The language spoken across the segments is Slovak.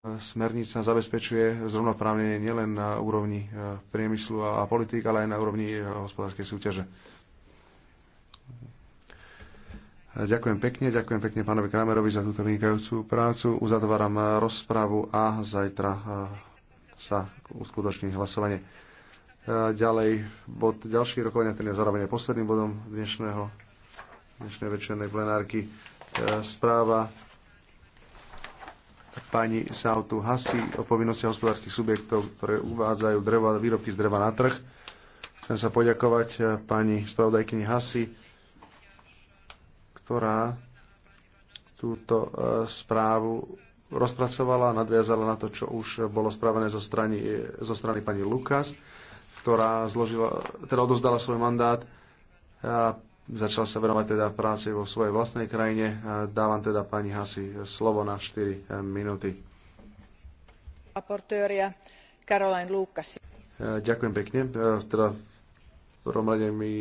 Smernica zabezpečuje zrovnoprávnenie nielen na úrovni e, priemyslu a politík, ale aj na úrovni e, hospodárskej súťaže. Ďakujem pekne, ďakujem pekne pánovi Kramerovi za túto vynikajúcu prácu. Uzatváram e, rozpravu a zajtra sa uskutoční hlasovanie. Ďalej, bod ďalší rokovania, ten je zároveň posledným bodom dnešného, dnešnej večernej plenárky. Správa pani Sautu Hasi o povinnosti hospodárskych subjektov, ktoré uvádzajú dreva, výrobky z dreva na trh. Chcem sa poďakovať eh, pani spravodajkyni Hasi, ktorá túto eh, správu rozpracovala, nadviazala na to, čo už bolo spravené zo strany, eh, zo strany pani Lukas, ktorá zložila, teda odovzdala svoj mandát začal sa venovať teda práci vo svojej vlastnej krajine. Dávam teda pani Hasi slovo na 4 e, minúty. E, ďakujem pekne. E, teda v prvom rade mi,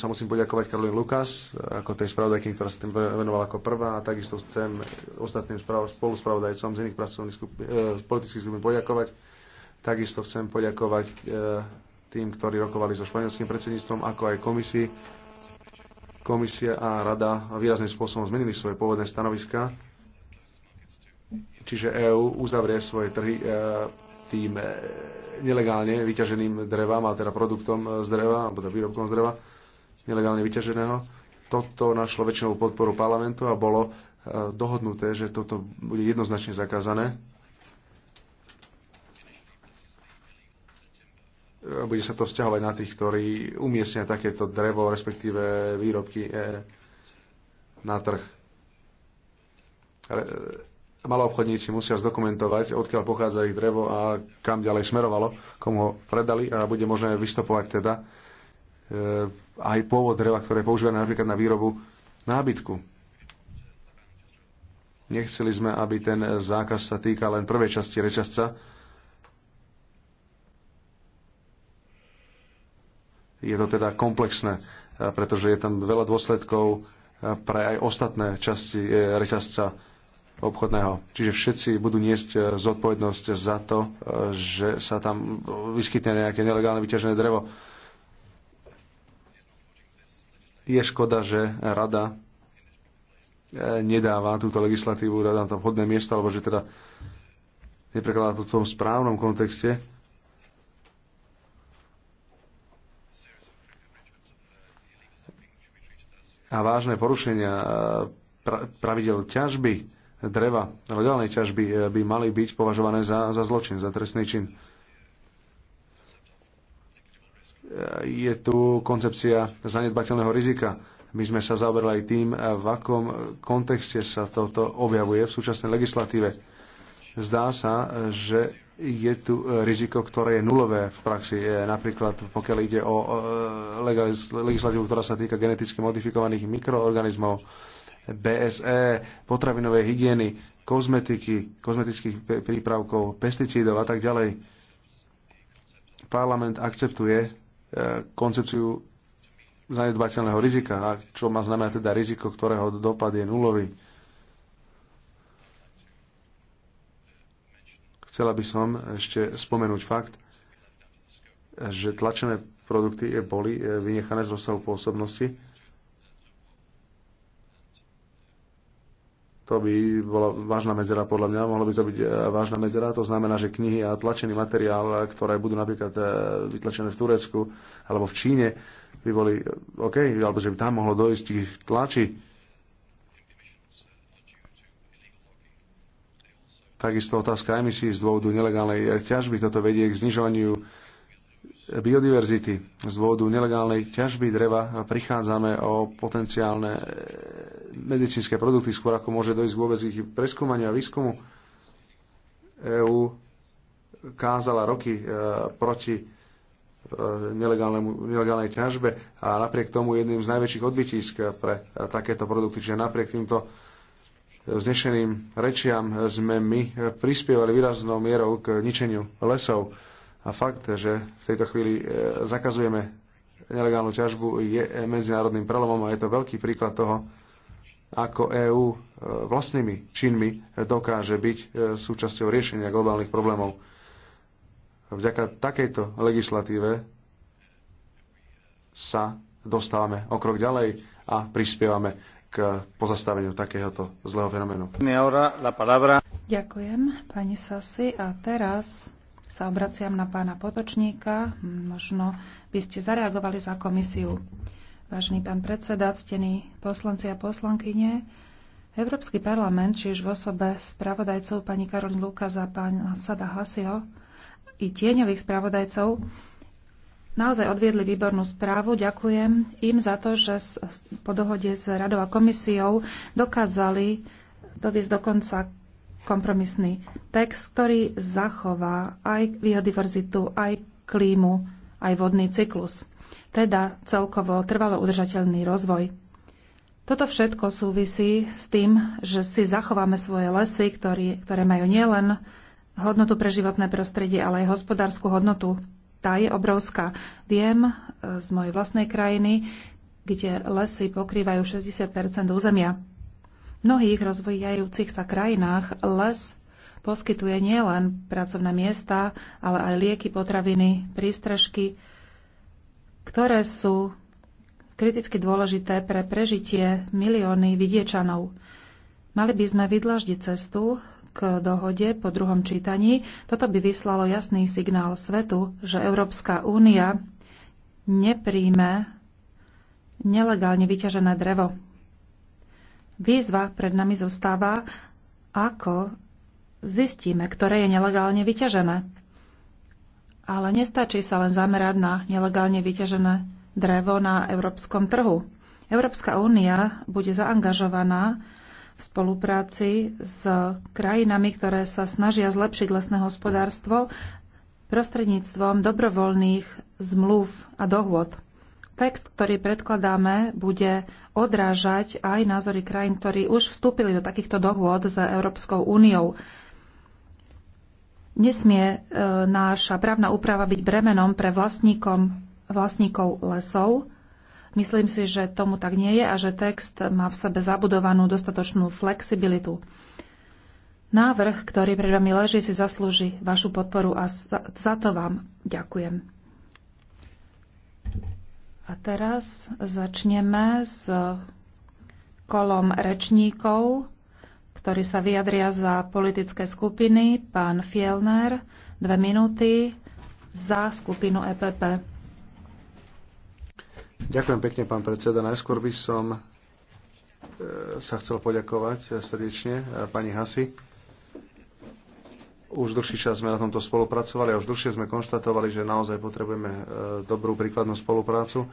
sa musím poďakovať Karolín Lukas, ako tej spravodajky, ktorá sa tým venovala ako prvá a takisto chcem ostatným spoluspravodajcom z iných pracovných eh, politických skupín poďakovať. Takisto chcem poďakovať tým, ktorí rokovali so španielským predsedníctvom, ako aj komisii Komisia a Rada výrazným spôsobom zmenili svoje pôvodné stanoviska, čiže EÚ uzavrie svoje trhy e, tým e, nelegálne vyťaženým drevám, a teda produktom z dreva, alebo teda výrobkom z dreva, nelegálne vyťaženého. Toto našlo väčšinou podporu parlamentu a bolo e, dohodnuté, že toto bude jednoznačne zakázané E, bude sa to vzťahovať na tých, ktorí umiestnia takéto drevo, respektíve výrobky e, na trh. E, obchodníci musia zdokumentovať, odkiaľ pochádza ich drevo a kam ďalej smerovalo, komu ho predali a bude možné vystopovať teda aj pôvod dreva, ktoré je používané napríklad na výrobu nábytku. Nechceli sme, aby ten zákaz sa týkal len prvej časti rečasca, je to teda komplexné, e, pretože je tam veľa dôsledkov e, pre aj ostatné časti e, reťazca obchodného. Čiže všetci budú niesť zodpovednosť za to, že sa tam vyskytne nejaké nelegálne vyťažené drevo. Je škoda, že rada nedáva túto legislatívu na to vhodné miesto, alebo že teda neprekladá to v tom správnom kontexte a vážne porušenia e, pravidel ťažby dreva, legálnej ťažby e, by mali byť považované za, za zločin, za trestný čin. E, je tu koncepcia zanedbateľného rizika. My sme sa zaoberali aj tým, v akom kontexte sa toto objavuje v súčasnej legislatíve. Zdá sa, že je tu e, riziko, ktoré je nulové v praxi. E, napríklad pokiaľ ide o e, legislatívu, ktorá sa týka geneticky modifikovaných mikroorganizmov, BSE, potravinovej hygieny, kozmetiky, kozmetických prípravkov, pesticídov a tak ďalej. Parlament akceptuje koncepciu zanedbateľného rizika, čo má znamená teda riziko, ktorého dopad je nulový Chcela by som ešte spomenúť fakt, že tlačené produkty boli e, vynechané z rozsahu pôsobnosti. To by bola vážna medzera podľa mňa, mohlo by to byť e, vážna medzera. To znamená, že knihy a tlačený materiál, ktoré budú napríklad e, vytlačené v Turecku alebo v Číne, by boli OK, alebo že by tam mohlo dojsť ich tlači Takisto otázka emisí z dôvodu nelegálnej ťažby. Toto vedie k znižovaniu biodiverzity. Z dôvodu nelegálnej ťažby dreva prichádzame o potenciálne e, medicínske produkty, skôr ako môže dojsť vôbec ich preskúmania a výskumu. EÚ kázala roky e, proti e, nelegálnej ťažbe a napriek tomu jedným z najväčších odbytísk pre takéto produkty. Čiže napriek týmto znešeným rečiam sme my prispievali výraznou mierou k ničeniu lesov. A fakt, že v tejto chvíli e, zakazujeme nelegálnu ťažbu, je medzinárodným prelomom a je to veľký príklad toho, ako EÚ e, vlastnými činmi dokáže byť e, súčasťou riešenia globálnych problémov. Vďaka takejto legislatíve sa dostávame o krok ďalej a prispievame k pozastaveniu takéhoto zlého fenoménu. Ďakujem, pani Sasi. A teraz sa obraciam na pána Potočníka. Možno by ste zareagovali za komisiu. Vážený pán predseda, ctení poslanci a poslankyne, Európsky parlament, čiž v osobe spravodajcov pani Karolín Lukas a pána Sada Hasio, i tieňových spravodajcov, naozaj odviedli výbornú správu. Ďakujem im za to, že po dohode s Radou a komisiou dokázali doviesť dokonca kompromisný text, ktorý zachová aj biodiverzitu, aj klímu, aj vodný cyklus. Teda celkovo trvalo udržateľný rozvoj. Toto všetko súvisí s tým, že si zachováme svoje lesy, ktoré majú nielen hodnotu pre životné prostredie, ale aj hospodárskú hodnotu tá je obrovská. Viem e, z mojej vlastnej krajiny, kde lesy pokrývajú 60 územia. V mnohých rozvíjajúcich sa krajinách les poskytuje nielen pracovné miesta, ale aj lieky, potraviny, prístrežky, ktoré sú kriticky dôležité pre prežitie milióny vidiečanov. Mali by sme vydlaždiť cestu k dohode po druhom čítaní. Toto by vyslalo jasný signál svetu, že Európska únia nepríjme nelegálne vyťažené drevo. Výzva pred nami zostáva, ako zistíme, ktoré je nelegálne vyťažené. Ale nestačí sa len zamerať na nelegálne vyťažené drevo na európskom trhu. Európska únia bude zaangažovaná v spolupráci s krajinami, ktoré sa snažia zlepšiť lesné hospodárstvo prostredníctvom dobrovoľných zmluv a dohôd. Text, ktorý predkladáme, bude odrážať aj názory krajín, ktorí už vstúpili do takýchto dohôd s Európskou úniou. Nesmie e, náša právna úprava byť bremenom pre vlastníkom, vlastníkov lesov, Myslím si, že tomu tak nie je a že text má v sebe zabudovanú dostatočnú flexibilitu. Návrh, ktorý pred vami leží, si zaslúži vašu podporu a za, to vám ďakujem. A teraz začneme s kolom rečníkov, ktorí sa vyjadria za politické skupiny. Pán Fielner, dve minúty za skupinu EPP. Ďakujem pekne, pán predseda. Najskôr by som e, sa chcel poďakovať e, srdečne e, pani Hasi. Už dlhší čas sme na tomto spolupracovali a už dlhšie sme konštatovali, že naozaj potrebujeme dobrú príkladnú spoluprácu.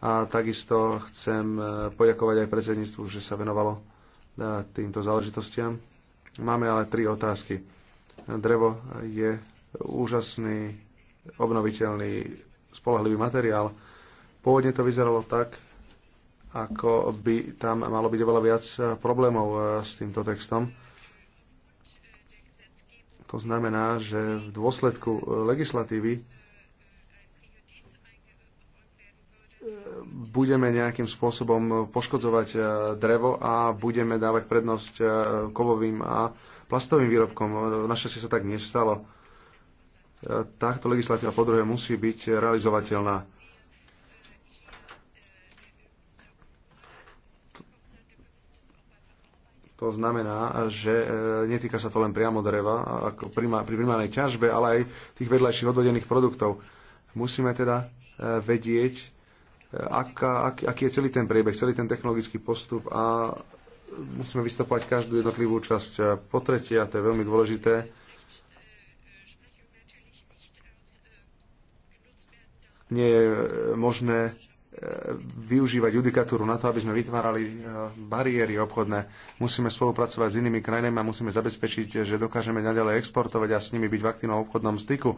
A takisto chcem poďakovať aj predsedníctvu, že sa venovalo týmto záležitostiam. Máme ale tri otázky. Drevo je úžasný, obnoviteľný, spolahlivý materiál Pôvodne to vyzeralo tak, ako by tam malo byť oveľa viac problémov eh, s týmto textom. To znamená, že v dôsledku eh, legislatívy eh, budeme nejakým spôsobom poškodzovať drevo a budeme dávať prednosť kovovým a plastovým výrobkom. Našťastie sa tak nestalo. Táto legislatíva po druhé musí byť realizovateľná To znamená, že e, netýka sa to len priamo dreva ako pri primárnej ťažbe, ale aj tých vedľajších odvedených produktov. Musíme teda e, vedieť, e, aká, ak, aký je celý ten priebeh, celý ten technologický postup a musíme vystopovať každú jednotlivú časť. Po tretie, a to je veľmi dôležité, nie je možné využívať judikatúru na to, aby sme vytvárali e, bariéry obchodné. Musíme spolupracovať s inými krajinami a musíme zabezpečiť, že dokážeme naďalej exportovať a s nimi byť v aktívnom obchodnom styku,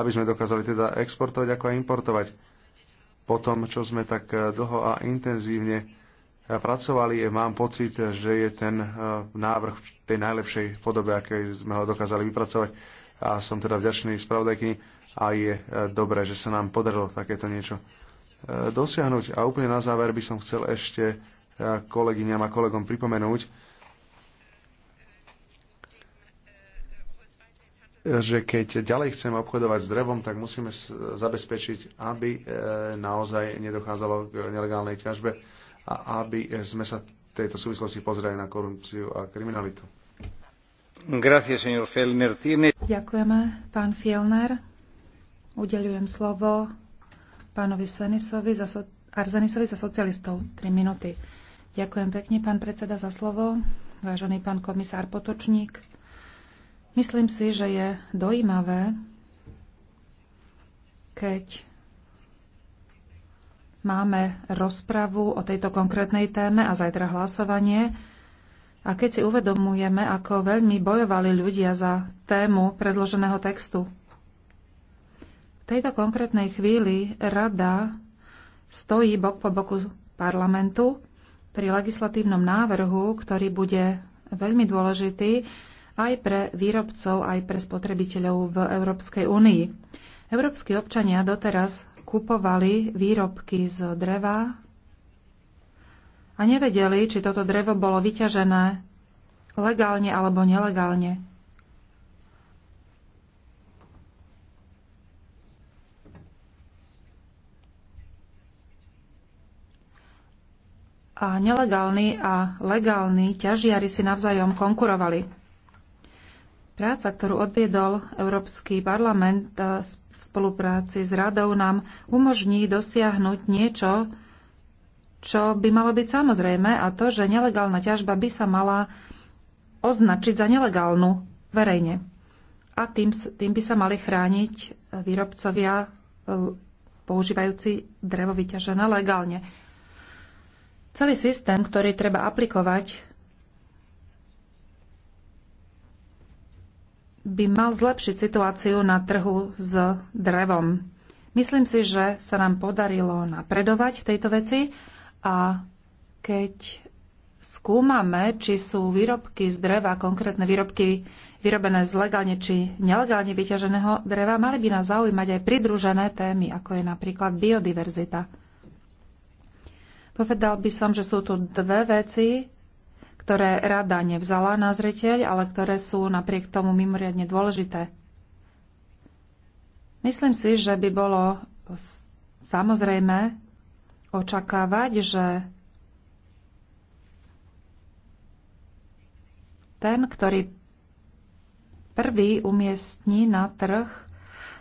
aby sme dokázali teda exportovať ako aj importovať. Po tom, čo sme tak e, dlho a intenzívne e, pracovali, mám pocit, že je ten návrh v tej najlepšej podobe, akej sme ho dokázali vypracovať. A som teda vďačný spravodajkyni a je dobré, že sa nám podarilo takéto niečo E, dosiahnuť. A úplne na záver by som chcel ešte e, kolegyňam a kolegom pripomenúť, že keď ďalej chceme obchodovať s drevom, tak musíme zabezpečiť, aby e, naozaj nedochádzalo k nelegálnej ťažbe a aby sme sa tejto súvislosti pozerali na korupciu a kriminalitu. Ďakujeme, pán Fielner. Udeľujem slovo pánovi Senisovi za so- Arzenisovi za socialistov. 3 minúty. Ďakujem pekne, pán predseda, za slovo. Vážený pán komisár Potočník, myslím si, že je dojímavé, keď máme rozpravu o tejto konkrétnej téme a zajtra hlasovanie. A keď si uvedomujeme, ako veľmi bojovali ľudia za tému predloženého textu, v tejto konkrétnej chvíli rada stojí bok po boku parlamentu pri legislatívnom návrhu, ktorý bude veľmi dôležitý aj pre výrobcov, aj pre spotrebiteľov v Európskej únii. Európsky občania doteraz kupovali výrobky z dreva a nevedeli, či toto drevo bolo vyťažené legálne alebo nelegálne. a nelegálni a legálni ťažiari si navzájom konkurovali. Práca, ktorú odviedol Európsky parlament e, v spolupráci s radou, nám umožní dosiahnuť niečo, čo by malo byť samozrejme, a to, že nelegálna ťažba by sa mala označiť za nelegálnu verejne. A tým, tým by sa mali chrániť výrobcovia používajúci drevo vyťažené legálne. Celý systém, ktorý treba aplikovať, by mal zlepšiť situáciu na trhu s drevom. Myslím si, že sa nám podarilo napredovať v tejto veci a keď skúmame, či sú výrobky z dreva, konkrétne výrobky vyrobené z legálne či nelegálne vyťaženého dreva, mali by nás zaujímať aj pridružené témy, ako je napríklad biodiverzita. Povedal by som, že sú tu dve veci, ktoré rada nevzala na zreteľ, ale ktoré sú napriek tomu mimoriadne dôležité. Myslím si, že by bolo samozrejme očakávať, že ten, ktorý prvý umiestni na trh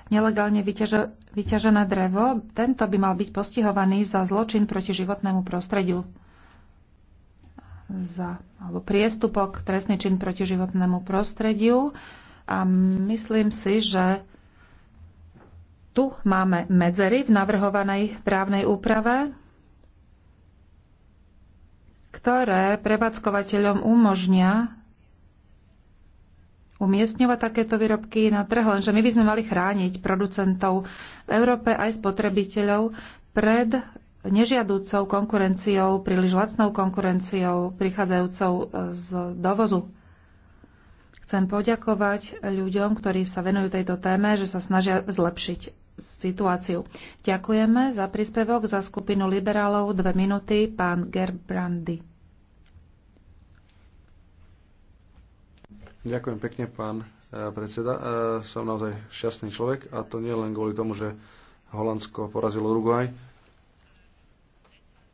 nelegálne vyťaže, vyťažené drevo, tento by mal byť postihovaný za zločin proti životnému prostrediu. Za, alebo priestupok, trestný čin proti životnému prostrediu. A myslím si, že tu máme medzery v navrhovanej právnej úprave, ktoré prevádzkovateľom umožnia umiestňovať takéto výrobky na trh, lenže my by sme mali chrániť producentov v Európe aj spotrebiteľov pred nežiadúcou konkurenciou, príliš lacnou konkurenciou prichádzajúcou z dovozu. Chcem poďakovať ľuďom, ktorí sa venujú tejto téme, že sa snažia zlepšiť situáciu. Ďakujeme za príspevok za skupinu liberálov. Dve minúty, pán Gerbrandy. Ďakujem pekne, pán e, predseda. E, som naozaj šťastný človek a to nie len kvôli tomu, že Holandsko porazilo Uruguay,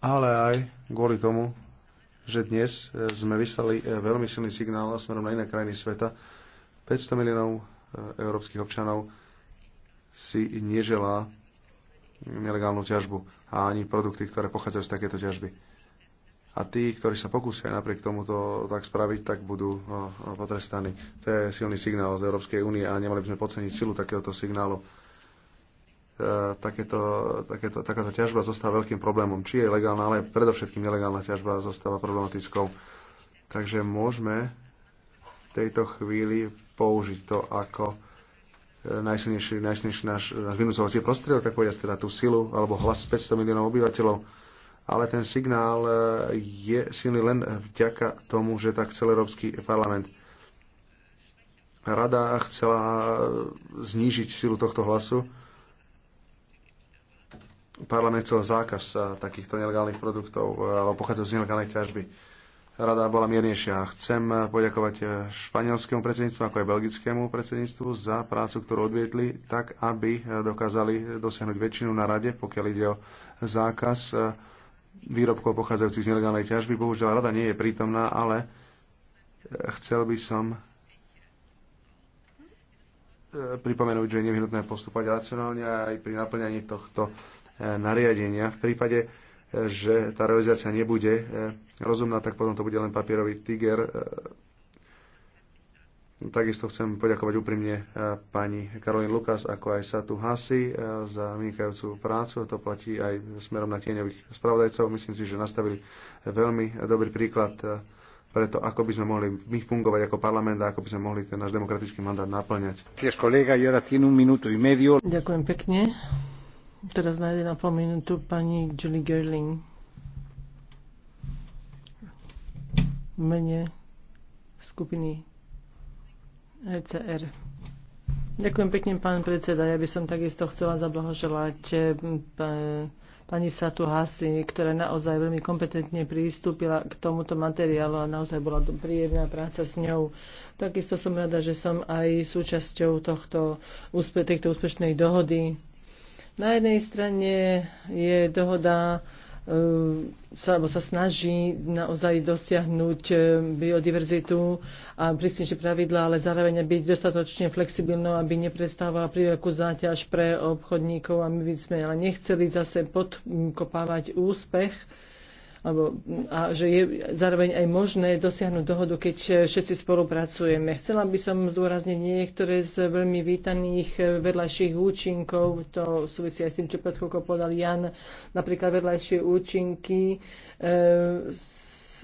ale aj kvôli tomu, že dnes e, sme vyslali veľmi silný signál smerom na iné krajiny sveta. 500 miliónov európskych občanov si neželá nelegálnu ťažbu a ani produkty, ktoré pochádzajú z takéto ťažby a tí, ktorí sa pokúsia napriek tomuto tak spraviť, tak budú potrestaní. To je silný signál z Európskej únie a nemali by sme podceniť silu takéhoto signálu. E, takéto, takéto, takáto ťažba zostáva veľkým problémom. Či je legálna, ale predovšetkým nelegálna ťažba zostáva problematickou. Takže môžeme v tejto chvíli použiť to ako e, najsilnejší, najsilnejší náš, náš vynúcovací prostriedok, tak povedať teda tú silu alebo hlas 500 miliónov obyvateľov ale ten signál e, je silný len vďaka tomu, že tak chcel Európsky parlament. Rada chcela e, znížiť silu tohto hlasu. Parlament chcel zákaz e, takýchto nelegálnych produktov alebo pochádzajú z nelegálnej ťažby. Rada bola miernejšia. Chcem poďakovať španielskému predsedníctvu, ako aj belgickému predsedníctvu za prácu, ktorú odvietli, tak aby dokázali dosiahnuť väčšinu na rade, pokiaľ ide o zákaz výrobkov pochádzajúcich z nelegálnej ťažby. Bohužiaľ, rada nie je prítomná, ale e, chcel by som e, pripomenúť, že je nevyhnutné postupovať racionálne aj pri naplňaní tohto e, nariadenia. V prípade, že tá realizácia nebude rozumná, tak potom to bude len papierový tiger, Takisto chcem poďakovať úprimne eh, pani Karolín Lukas, ako aj Satu Hasi eh, za vynikajúcu prácu. To platí aj smerom na tieňových spravodajcov. Myslím si, že nastavili veľmi dobrý príklad eh, pre to, ako by sme mohli my fungovať ako parlament a ako by sme mohli ten náš demokratický mandát naplňať. Ďakujem pekne. Teraz na 1,5 minútu pani Julie Gerling. Mene skupiny ECR. Ďakujem pekne, pán predseda. Ja by som takisto chcela zablahoželať e, pani Satu Hasi, ktorá naozaj veľmi kompetentne prístupila k tomuto materiálu a naozaj bola príjemná práca s ňou. Takisto som rada, že som aj súčasťou tohto, tejto úspešnej dohody. Na jednej strane je dohoda E, sa, alebo sa snaží naozaj dosiahnuť e, biodiverzitu a prísnejšie pravidlá, ale zároveň byť dostatočne flexibilnou, aby neprestávala príveľkú záťaž pre obchodníkov a my by sme ale nechceli zase podkopávať úspech alebo, a že je zároveň aj možné dosiahnuť dohodu, keď e, všetci spolupracujeme. Chcela by som zdôrazniť niektoré z veľmi vítaných e, vedľajších účinkov, to súvisí aj s tým, čo pred chvíľkou podal Jan, napríklad vedľajšie účinky e, s,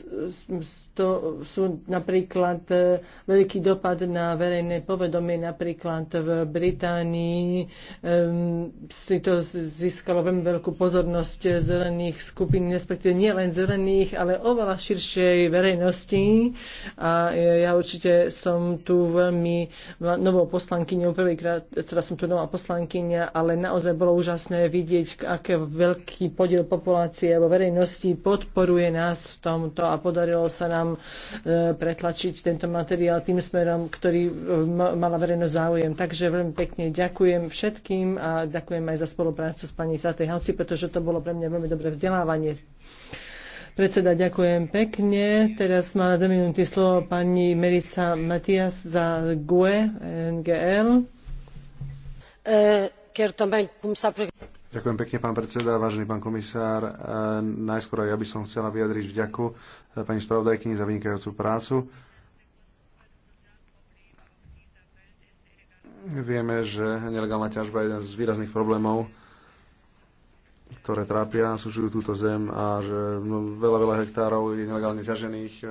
s, to sú napríklad e, veľký dopad na verejné povedomie. Napríklad v Británii um, si to získalo veľmi veľkú pozornosť zelených skupín, respektíve nielen zelených, ale oveľa širšej verejnosti. A ja určite som tu veľmi novou poslankyňou, prvýkrát, teda som tu nová poslankyňa, ale naozaj bolo úžasné vidieť, aké veľký podiel populácie alebo verejnosti podporuje nás v tomto a podarilo sa nám tam e, pretlačiť tento materiál tým smerom, ktorý e, mala verejnosť záujem. Takže veľmi pekne ďakujem všetkým a ďakujem aj za spoluprácu s pani Satej Halci, pretože to bolo pre mňa veľmi dobré vzdelávanie. Predseda, ďakujem pekne. Teraz má na dve minúty slovo pani Merisa Matias za GUE, NGL. Uh, Ďakujem pekne, pán predseda, vážený pán komisár. E, najskôr aj ja by som chcela vyjadriť vďaku e, pani spravodajkyni za vynikajúcu prácu. Vieme, že nelegálna ťažba je jeden z výrazných problémov, ktoré trápia a súžujú túto zem a že veľa, veľa hektárov je nelegálne ťažených. E,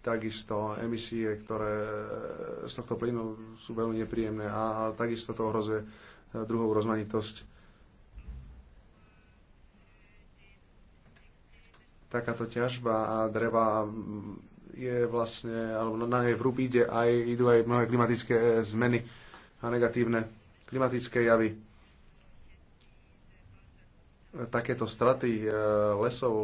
takisto emisie, ktoré z tohto plynu sú veľmi nepríjemné a takisto to ohrozuje druhou rozmanitosť takáto ťažba a dreva je vlastne, alebo na nej v ide aj, idú aj mnohé klimatické e, zmeny a negatívne klimatické javy. Takéto straty e, lesov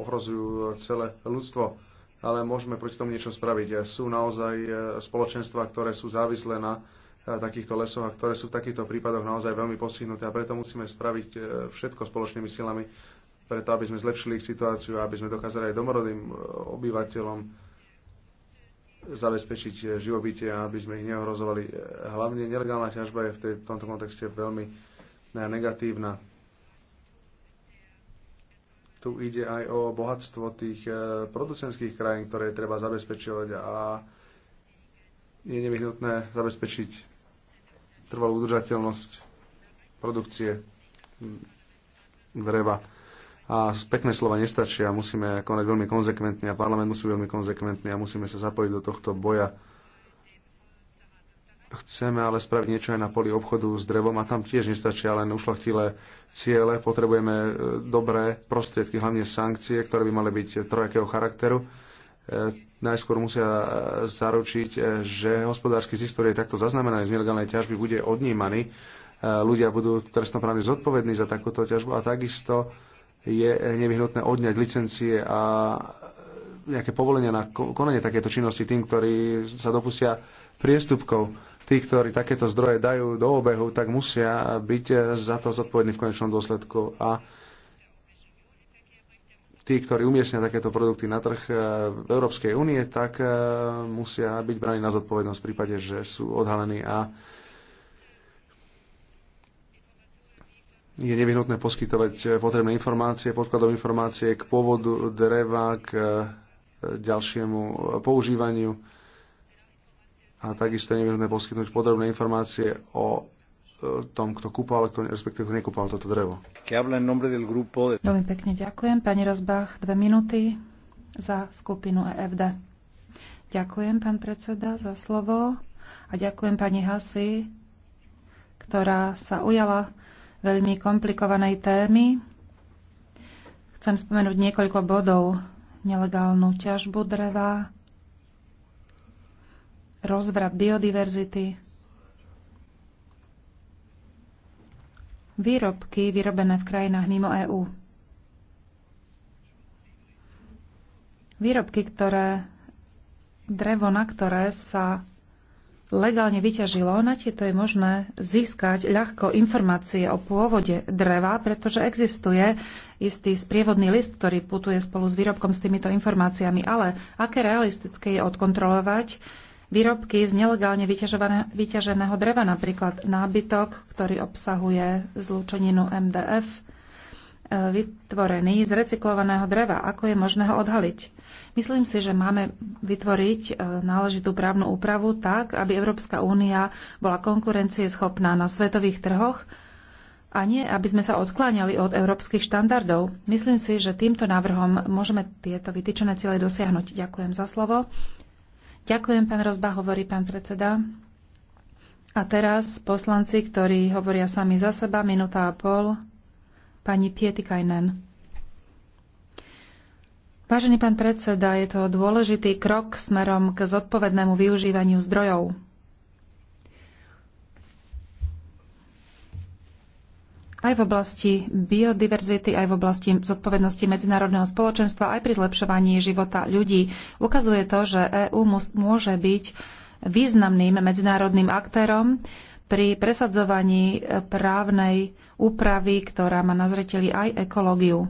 ohrozujú celé ľudstvo, ale môžeme proti tomu niečo spraviť. Sú naozaj e, spoločenstva, ktoré sú závislé na takýchto lesoch a ktoré sú v takýchto prípadoch naozaj veľmi postihnuté a preto musíme spraviť všetko spoločnými silami, preto aby sme zlepšili ich situáciu, aby sme dokázali aj domorodým e, obyvateľom zabezpečiť e, živobytie a aby sme ich neohrozovali. E, hlavne nelegálna ťažba je v tomto kontexte veľmi negatívna. Tu ide aj o bohatstvo tých producentských krajín, ktoré treba zabezpečovať a je nevyhnutné zabezpečiť trvalú udržateľnosť produkcie dreva. A pekné slova nestačia, musíme konať veľmi konzekventne a parlament musí veľmi konzekventný a musíme sa zapojiť do tohto boja. Chceme ale spraviť niečo aj na poli obchodu s drevom a tam tiež nestačia len ušlachtilé ciele. Potrebujeme e, dobré prostriedky, hlavne sankcie, ktoré by mali byť trojakého charakteru. E, najskôr musia e, zaručiť, že hospodársky z histórie takto zaznamenaný z nelegálnej ťažby bude odnímaný. Ľudia budú trestnoprávne zodpovední za takúto ťažbu a takisto je nevyhnutné odňať licencie a nejaké povolenia na konanie takéto činnosti tým, ktorí sa dopustia priestupkov. Tí, ktorí takéto zdroje dajú do obehu, tak musia byť za to zodpovední v konečnom dôsledku. A tí, ktorí umiestnia takéto produkty na trh eh, v Európskej únie, tak eh, musia byť braní na zodpovednosť v prípade, že sú odhalení a je nevyhnutné poskytovať eh, potrebné informácie, podkladové informácie k pôvodu dreva, k eh, ďalšiemu eh, používaniu a takisto je nevyhnutné poskytnúť podrobné informácie o tom, kto kúpal, kto, respektíve kto nekúpal toto drevo. Veľmi pekne ďakujem. Pani Rozbach, dve minúty za skupinu EFD. Ďakujem, pán predseda, za slovo a ďakujem pani Hasi, ktorá sa ujala veľmi komplikovanej témy. Chcem spomenúť niekoľko bodov. Nelegálnu ťažbu dreva, rozvrat biodiverzity, výrobky vyrobené v krajinách mimo EÚ. Výrobky, ktoré drevo, na ktoré sa legálne vyťažilo, na tieto je možné získať ľahko informácie o pôvode dreva, pretože existuje istý sprievodný list, ktorý putuje spolu s výrobkom s týmito informáciami. Ale aké realistické je odkontrolovať výrobky z nelegálne vyťaženého dreva, napríklad nábytok, ktorý obsahuje zlúčeninu MDF, e, vytvorený z recyklovaného dreva. Ako je možné ho odhaliť? Myslím si, že máme vytvoriť e, náležitú právnu úpravu tak, aby Európska únia bola konkurencieschopná na svetových trhoch a nie, aby sme sa odkláňali od európskych štandardov. Myslím si, že týmto návrhom môžeme tieto vytýčené ciele dosiahnuť. Ďakujem za slovo. Ďakujem, pán Rozba, hovorí pán predseda. A teraz poslanci, ktorí hovoria sami za seba, minúta a pol. Pani Pietikajnen. Vážený pán predseda, je to dôležitý krok smerom k zodpovednému využívaniu zdrojov. Aj v oblasti biodiverzity, aj v oblasti zodpovednosti medzinárodného spoločenstva, aj pri zlepšovaní života ľudí ukazuje to, že EÚ môže byť významným medzinárodným aktérom pri presadzovaní právnej úpravy, ktorá má na zreteli aj ekológiu.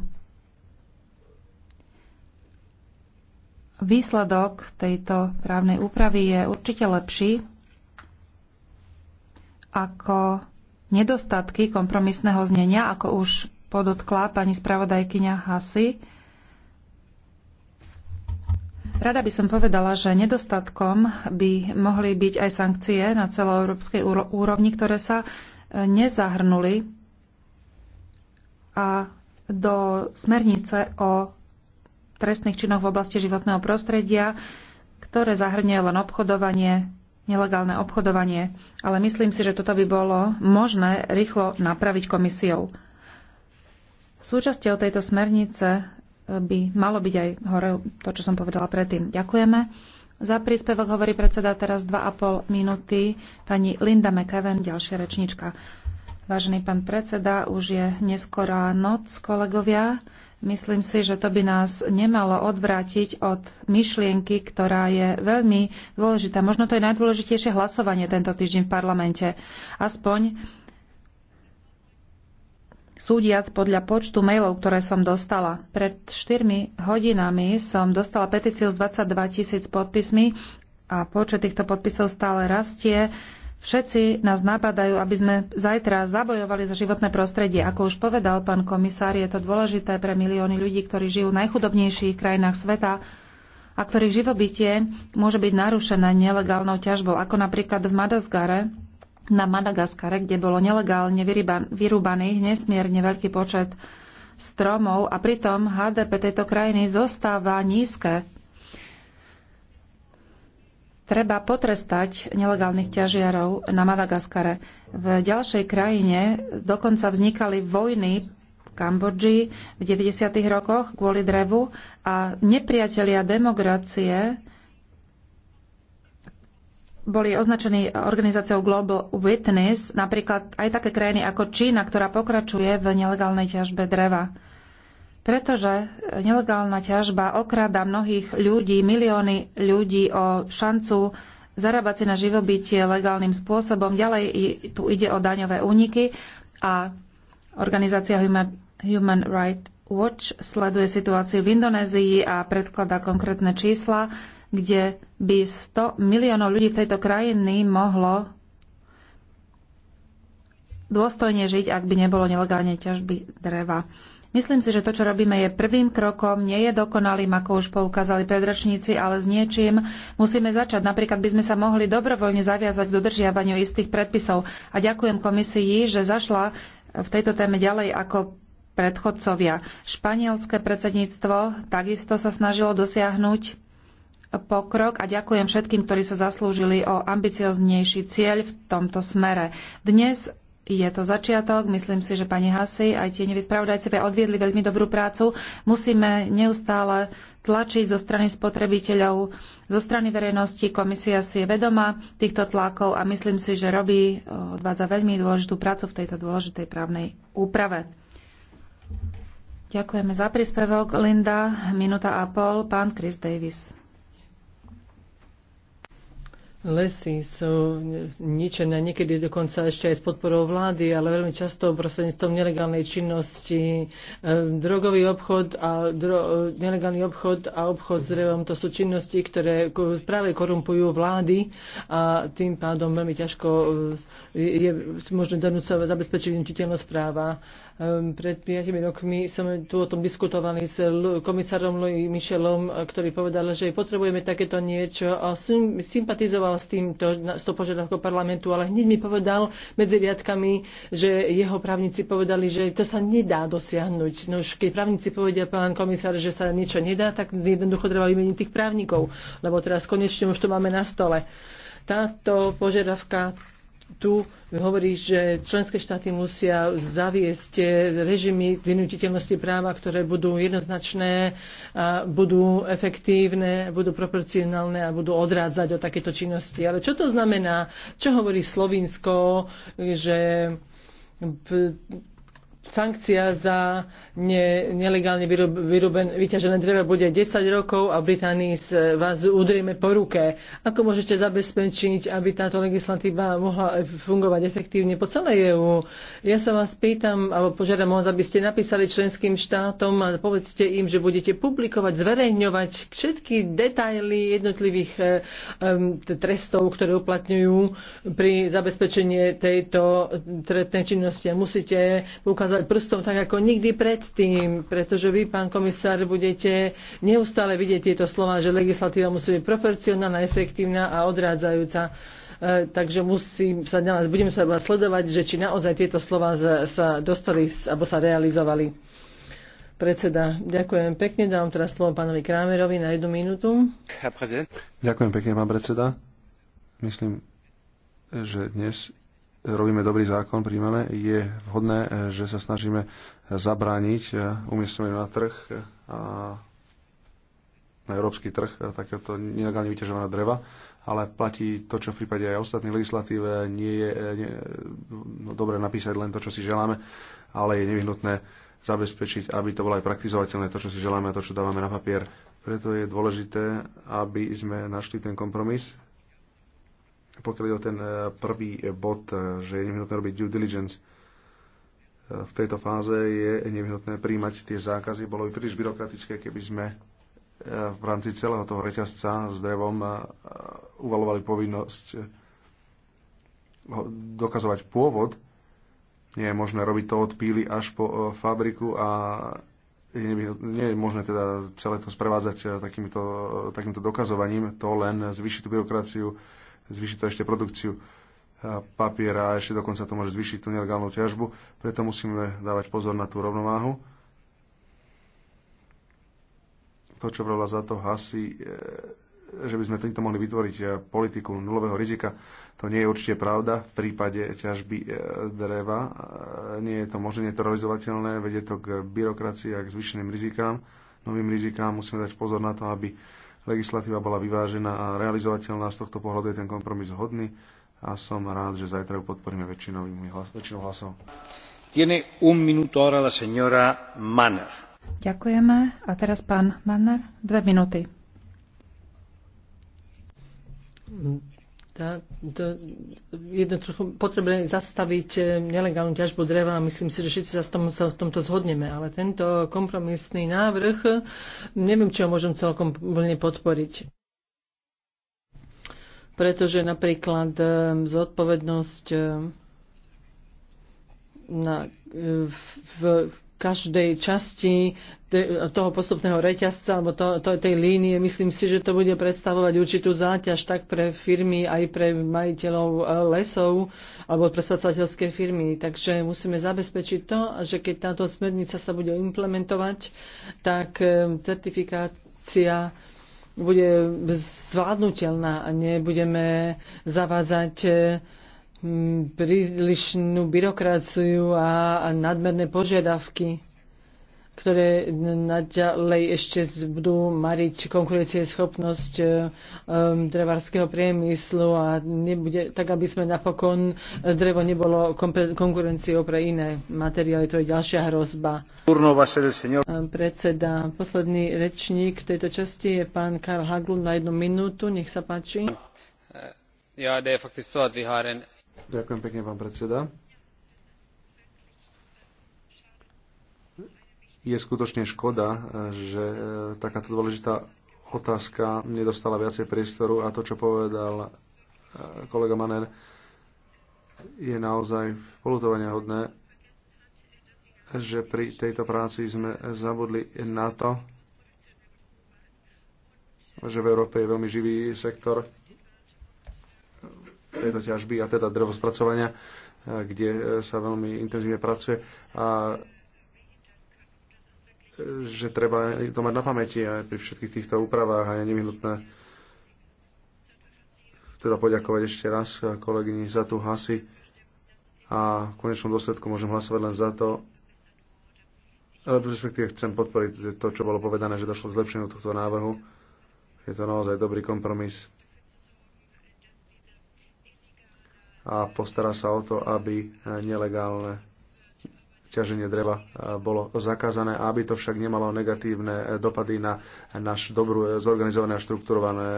Výsledok tejto právnej úpravy je určite lepší ako nedostatky kompromisného znenia, ako už podotkla pani spravodajkyňa Hasi. Rada by som povedala, že nedostatkom by mohli byť aj sankcie na celoeurópskej úrovni, ktoré sa e, nezahrnuli a do smernice o trestných činoch v oblasti životného prostredia, ktoré zahrňuje len obchodovanie, nelegálne obchodovanie, ale myslím si, že toto by bolo možné rýchlo napraviť komisiou. Súčasťou tejto smernice eh, by malo byť aj hore to, čo som povedala predtým. Ďakujeme. Za príspevok hovorí predseda teraz 2,5 minúty pani Linda McEwen, ďalšia rečnička. Vážený pán predseda, už je neskorá noc, kolegovia. Myslím si, že to by nás nemalo odvrátiť od myšlienky, ktorá je veľmi dôležitá. Možno to je najdôležitejšie hlasovanie tento týždeň v parlamente. Aspoň súdiac podľa počtu mailov, ktoré som dostala. Pred 4 hodinami som dostala petíciu s 22 tisíc podpismi a počet týchto podpisov stále rastie. Všetci nás napadajú, aby sme zajtra zabojovali za životné prostredie. Ako už povedal pán komisár, je to dôležité pre milióny ľudí, ktorí žijú v najchudobnejších krajinách sveta a ktorých živobytie môže byť narušené nelegálnou ťažbou, ako napríklad v Madagaskare, na Madagaskare, kde bolo nelegálne vyrúbaných nesmierne veľký počet stromov a pritom HDP tejto krajiny zostáva nízke. Treba potrestať nelegálnych ťažiarov na Madagaskare. V ďalšej krajine dokonca vznikali vojny v Kambodži v 90. rokoch kvôli drevu a nepriatelia demokracie boli označení organizáciou Global Witness, napríklad aj také krajiny ako Čína, ktorá pokračuje v nelegálnej ťažbe dreva pretože nelegálna ťažba okráda mnohých ľudí, milióny ľudí o šancu zarábať si na živobytie legálnym spôsobom. Ďalej tu ide o daňové úniky a organizácia Human, Human Rights Watch sleduje situáciu v Indonézii a predkladá konkrétne čísla, kde by 100 miliónov ľudí v tejto krajiny mohlo dôstojne žiť, ak by nebolo nelegálne ťažby dreva. Myslím si, že to, čo robíme, je prvým krokom, nie je dokonalým, ako už poukázali predračníci, ale s niečím musíme začať. Napríklad by sme sa mohli dobrovoľne zaviazať k dodržiavaniu istých predpisov. A ďakujem komisii, že zašla v tejto téme ďalej ako predchodcovia. Španielské predsedníctvo takisto sa snažilo dosiahnuť pokrok a ďakujem všetkým, ktorí sa zaslúžili o ambicioznejší cieľ v tomto smere. Dnes je to začiatok. Myslím si, že pani Hasi aj tie nevyspravodajcovia odviedli veľmi dobrú prácu. Musíme neustále tlačiť zo strany spotrebiteľov, zo strany verejnosti. Komisia si je vedoma týchto tlakov a myslím si, že robí, eh, odvádza veľmi dôležitú prácu v tejto dôležitej právnej úprave. Ďakujeme za príspevok. Linda, minúta a pol, pán Chris Davis lesy sú ničené, niekedy dokonca ešte aj s podporou vlády, ale veľmi často prostredníctvom nelegálnej činnosti. E, drogový obchod a dro, e, nelegálny obchod a obchod s drevom to sú činnosti, ktoré práve korumpujú vlády a tým pádom veľmi ťažko e, je možné danúť sa zabezpečiť nutiteľnosť práva. Ehm, pred 5 rokmi sme tu o tom diskutovali s komisárom Louis Michelom, e, ktorý povedal, že potrebujeme takéto niečo a som sympatizoval s týmto, s to požiadavkou parlamentu, ale hneď mi povedal medzi riadkami, že jeho právnici povedali, že to sa nedá dosiahnuť. No už keď právnici povedia, pán komisár, že sa niečo nedá, tak jednoducho treba vymeniť tých právnikov, lebo teraz konečne už to máme na stole. Táto požiadavka tu hovorí, že členské štáty musia zaviesť režimy vynutiteľnosti práva, ktoré budú jednoznačné, a budú efektívne, budú proporcionálne a budú odrádzať o takéto činnosti. Ale čo to znamená? Čo hovorí Slovinsko, že sankcia za ne, nelegálne vyrobené vyťažené dreva bude 10 rokov a Británii vás udrieme po ruke. Ako môžete zabezpečiť, aby táto legislatíva mohla fungovať efektívne po celej EÚ? Ja sa vás pýtam, alebo požiadam vás, aby ste napísali členským štátom a povedzte im, že budete publikovať, zverejňovať všetky detaily jednotlivých um, trestov, ktoré uplatňujú pri zabezpečení tejto trestnej činnosti. Musíte poukázať ukázať prstom tak ako nikdy predtým, pretože vy, pán komisár, budete neustále vidieť tieto slova, že legislatíva musí byť proporcionálna, efektívna a odrádzajúca. E, takže musím sa na budem sa vás sledovať, že či naozaj tieto slova sa dostali alebo sa realizovali. Predseda, ďakujem pekne. Dám teraz slovo pánovi Krámerovi na jednu minútu. Ďakujem pekne, pán predseda. Myslím, že dnes robíme dobrý zákon, príjmame, je vhodné, eh, že sa snažíme zabrániť eh, umiestňovaniu na trh eh, a na európsky trh takéto nelegálne vyťažovaného dreva, ale platí to, čo v prípade aj ostatnej legislatíve nie je nie, no, dobre napísať len to, čo si želáme, ale je nevyhnutné zabezpečiť, aby to bolo aj praktizovateľné, to, čo si želáme a to, čo dávame na papier. Preto je dôležité, aby sme našli ten kompromis, pokiaľ ide o ten e, prvý e, bod, e, že je nevyhnutné robiť due diligence, v tejto fáze je nevyhnutné príjmať tie zákazy. Bolo by príliš byrokratické, keby sme v rámci celého toho reťazca s drevom uvalovali povinnosť dokazovať pôvod. Nie je možné robiť to od píly až po fabriku a nie je možné teda celé to sprevádzať takýmto, takýmto dokazovaním. To len zvýši tú byrokraciu, zvýši to ešte produkciu e, papiera a ešte dokonca to môže zvýšiť tú nelegálnu ťažbu. Preto musíme dávať pozor na tú rovnováhu. To, čo pravda za to hasi, e, že by sme týmto mohli vytvoriť e, politiku nulového rizika, to nie je určite pravda. V prípade ťažby dreva nie je to možné, nie je to realizovateľné, vedie to k byrokracii a k zvýšeným rizikám, novým rizikám. Musíme dať pozor na to, aby legislatíva bola vyvážená a realizovateľná. Z tohto pohľadu je ten kompromis hodný a som rád, že zajtra ju podporíme väčšinou, hlasov. Tiene un minuto ahora la señora Manner. Ďakujeme. A teraz pán Manner, dve minúty. Mm, tak, do, jedno trochu potrebné zastaviť eh, nelegálnu ťažbu dreva a myslím si, že všetci sa, v tomto zhodneme. Ale tento kompromisný návrh, eh, neviem, čo ho môžem celkom úplne podporiť. Pretože napríklad eh, zodpovednosť na, v, v každej časti toho postupného reťazca alebo to, to, tej línie. Myslím si, že to bude predstavovať určitú záťaž tak pre firmy, aj pre majiteľov e, lesov alebo pre spracovateľské firmy. Takže musíme zabezpečiť to, že keď táto smernica sa bude implementovať, tak e, certifikácia bude zvládnutelná a nebudeme zavádzať e, prílišnú byrokraciu a, a nadmerné požiadavky, ktoré naďalej ešte budú mariť konkurencieschopnosť um, drevarského priemyslu a nebude, tak, aby sme napokon drevo nebolo konkurenciou pre iné materiály. To je ďalšia hrozba. Predseda, posledný rečník tejto časti je pán Karl Hagl na jednu minútu. Nech sa páči. Ja, det är faktiskt så att vi har en Ďakujem pekne, pán predseda. Je skutočne škoda, že e, takáto dôležitá otázka nedostala viacej priestoru a to, čo povedal e, kolega Maner, je naozaj polutovania hodné, že pri tejto práci sme zabudli na to, že v Európe je veľmi živý sektor tejto ťažby a teda drevospracovania, eh, kde eh, sa veľmi intenzívne pracuje a eh, že treba to mať na pamäti aj pri všetkých týchto úpravách a je nevyhnutné teda poďakovať ešte raz kolegyni za tú hasi a v konečnom dôsledku môžem hlasovať len za to, ale respektíve chcem podporiť to, čo bolo povedané, že došlo k zlepšeniu tohto návrhu. Je to naozaj dobrý kompromis a postará sa o to, aby nelegálne ťaženie dreva bolo zakázané, aby to však nemalo negatívne dopady na náš dobrú zorganizované a štrukturované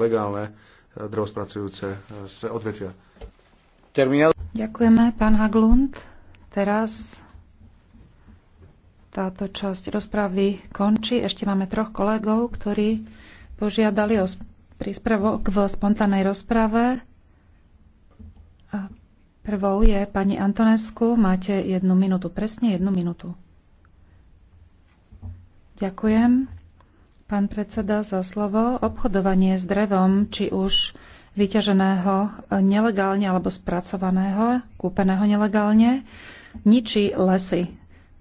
legálne e, drevospracujúce e, odvetvia. Terminál. Ďakujeme, pán Haglund. Teraz táto časť rozpravy končí. Ešte máme troch kolegov, ktorí požiadali o príspevok v spontánej rozprave. Prvou je pani Antonesku. Máte jednu minútu, presne jednu minútu. Ďakujem, pán predseda, za slovo. Obchodovanie s drevom, či už vyťaženého nelegálne alebo spracovaného, kúpeného nelegálne, ničí lesy.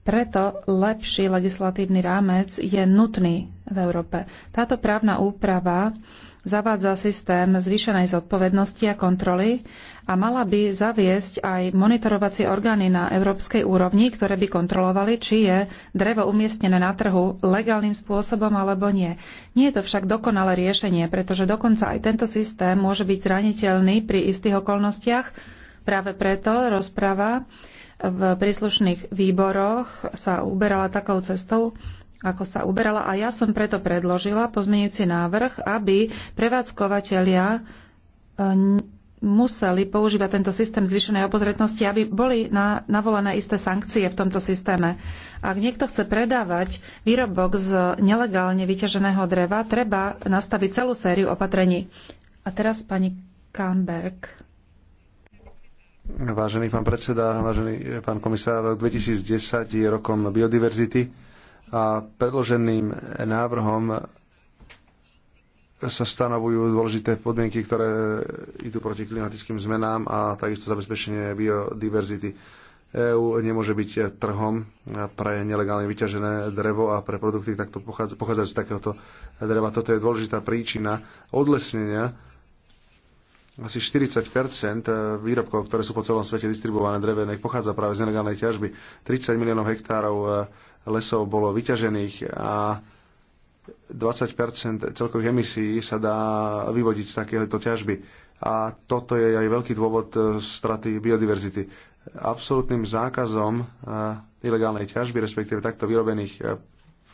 Preto lepší legislatívny rámec je nutný v Európe. Táto právna úprava zavádza systém zvýšenej zodpovednosti a kontroly a mala by zaviesť aj monitorovacie orgány na európskej úrovni, ktoré by kontrolovali, či je drevo umiestnené na trhu legálnym spôsobom alebo nie. Nie je to však dokonalé riešenie, pretože dokonca aj tento systém môže byť zraniteľný pri istých okolnostiach. Práve preto rozpráva v príslušných výboroch sa uberala takou cestou, ako sa uberala a ja som preto predložila pozmeňujúci návrh, aby prevádzkovateľia e, museli používať tento systém zvyšenej obozretnosti, aby boli na, navolené isté sankcie v tomto systéme. Ak niekto chce predávať výrobok z nelegálne vyťaženého dreva, treba nastaviť celú sériu opatrení. A teraz pani Kamberg. Vážený pán predseda, vážený pán komisár, rok 2010 je rokom biodiverzity a predloženým návrhom sa stanovujú dôležité podmienky, ktoré idú proti klimatickým zmenám a takisto zabezpečenie biodiverzity. EÚ nemôže byť trhom pre nelegálne vyťažené drevo a pre produkty takto pochádza, pochádzajúce z takéhoto dreva. Toto je dôležitá príčina odlesnenia asi 40 eh, výrobkov, ktoré sú po celom svete distribuované drevené, pochádza práve z nelegálnej ťažby. 30 miliónov hektárov eh, lesov bolo vyťažených a 20 celkových emisí sa dá vyvodiť z takéhoto ťažby. A toto je aj veľký dôvod eh, straty biodiverzity. Absolutným zákazom ilegálnej ťažby, respektíve takto vyrobených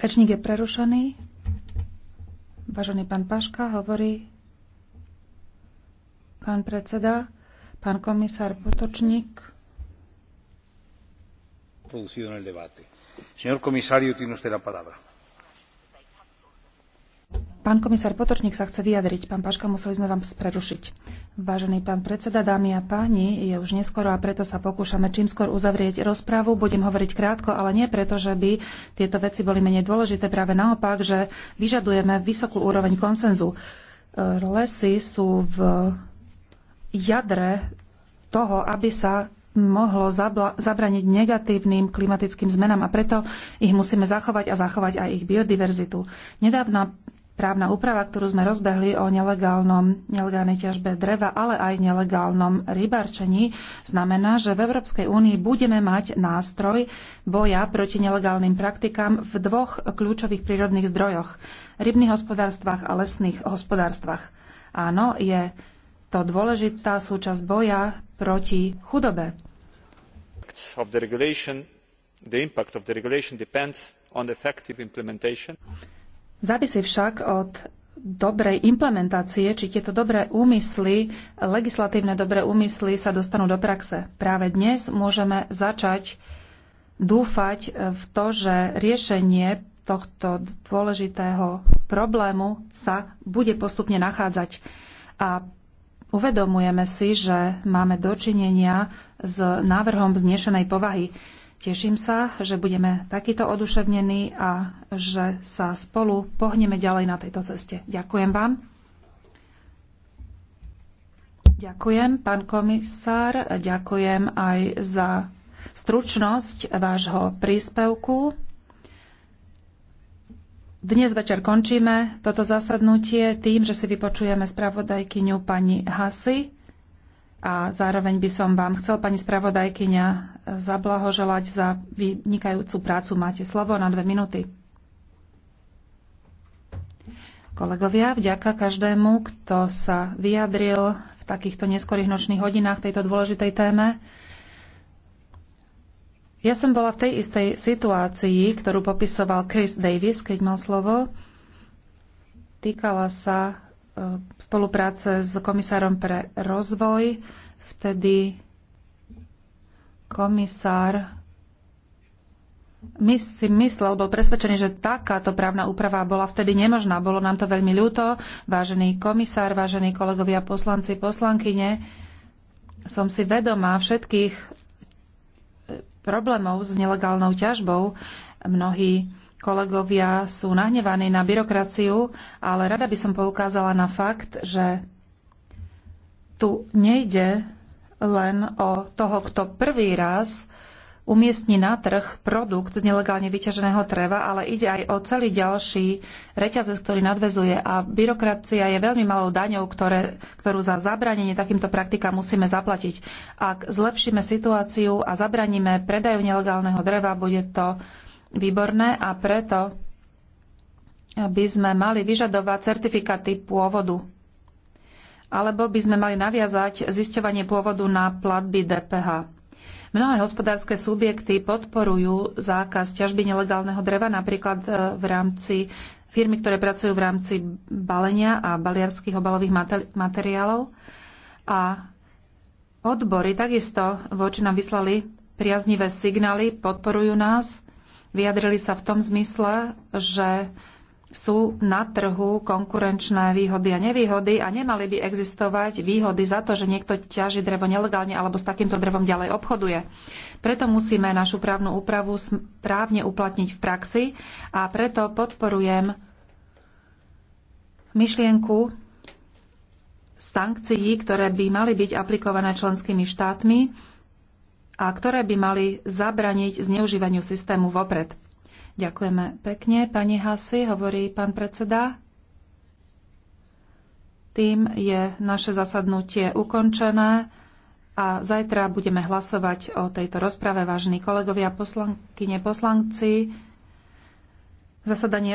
Rečník je prerušený. Vážený pán Paška hovorí pán predseda, pán komisár Potočník. Producido en el debate. Señor comisario, tiene usted la palabra. Pán komisár Potočník sa chce vyjadriť. Pán Paška, museli sme vám prerušiť. Vážený pán predseda, dámy a páni, je už neskoro a preto sa pokúšame čím skôr uzavrieť rozprávu. Budem hovoriť krátko, ale nie preto, že by tieto veci boli menej dôležité. Práve naopak, že vyžadujeme vysokú úroveň konsenzu. Lesy sú v jadre toho, aby sa mohlo zabraniť negatívnym klimatickým zmenám a preto ich musíme zachovať a zachovať aj ich biodiverzitu. Nedávna právna úprava, ktorú sme rozbehli o nelegálnom, nelegálnej ťažbe dreva, ale aj nelegálnom rybarčení, znamená, že v Európskej únii budeme mať nástroj boja proti nelegálnym praktikám v dvoch kľúčových prírodných zdrojoch rybných hospodárstvách a lesných hospodárstvách. Áno, je to dôležitá súčasť boja proti chudobe. the impact of the regulation depends on effective implementation. Závisí však od dobrej implementácie, či tieto dobré úmysly, legislatívne dobré úmysly sa dostanú do praxe. Práve dnes môžeme začať dúfať v to, že riešenie tohto dôležitého problému sa bude postupne nachádzať. A uvedomujeme si, že máme dočinenia s návrhom vznešenej povahy. Teším sa, že budeme takýto oduševnení a že sa spolu pohneme ďalej na tejto ceste. Ďakujem vám. Ďakujem, pán komisár. Ďakujem aj za stručnosť vášho príspevku. Dnes večer končíme toto zasadnutie tým, že si vypočujeme spravodajkyňu pani Hasy. A zároveň by som vám chcel, pani spravodajkyňa, zablahoželať za vynikajúcu prácu. Máte slovo na dve minúty. Kolegovia, vďaka každému, kto sa vyjadril v takýchto neskorých nočných hodinách tejto dôležitej téme. Ja som bola v tej istej situácii, ktorú popisoval Chris Davis, keď mal slovo. Týkala sa E, spolupráce s komisárom pre rozvoj. Vtedy komisár my si myslel, bol presvedčený, že takáto právna úprava bola vtedy nemožná. Bolo nám to veľmi ľúto. Vážený komisár, vážení kolegovia poslanci, poslankyne, som si vedomá všetkých e, problémov s nelegálnou ťažbou. Mnohí Kolegovia sú nahnevaní na byrokraciu, ale rada by som poukázala na fakt, že tu nejde len o toho, kto prvý raz umiestni na trh produkt z nelegálne vyťaženého treva, ale ide aj o celý ďalší reťazec, ktorý nadvezuje. A byrokracia je veľmi malou daňou, ktoré, ktorú za zabranenie takýmto praktikám musíme zaplatiť. Ak zlepšíme situáciu a zabraníme predaju nelegálneho dreva, bude to výborné a preto by sme mali vyžadovať certifikáty pôvodu. Alebo by sme mali naviazať zisťovanie pôvodu na platby DPH. Mnohé hospodárske subjekty podporujú zákaz ťažby nelegálneho dreva, napríklad e, v rámci firmy, ktoré pracujú v rámci balenia a baliarských obalových materiálov. A odbory takisto voči nám vyslali priaznivé signály, podporujú nás Vyjadrili sa v tom zmysle, že sú na trhu konkurenčné výhody a nevýhody a nemali by existovať výhody za to, že niekto ťaží drevo nelegálne alebo s takýmto drevom ďalej obchoduje. Preto musíme našu právnu úpravu správne uplatniť v praxi a preto podporujem myšlienku sankcií, ktoré by mali byť aplikované členskými štátmi a ktoré by mali zabraniť zneužívaniu systému vopred. Ďakujeme pekne. Pani Hasi, hovorí pán predseda. Tým je naše zasadnutie ukončené a zajtra budeme hlasovať o tejto rozprave, vážení kolegovia, poslankyne, poslanci. Zasadanie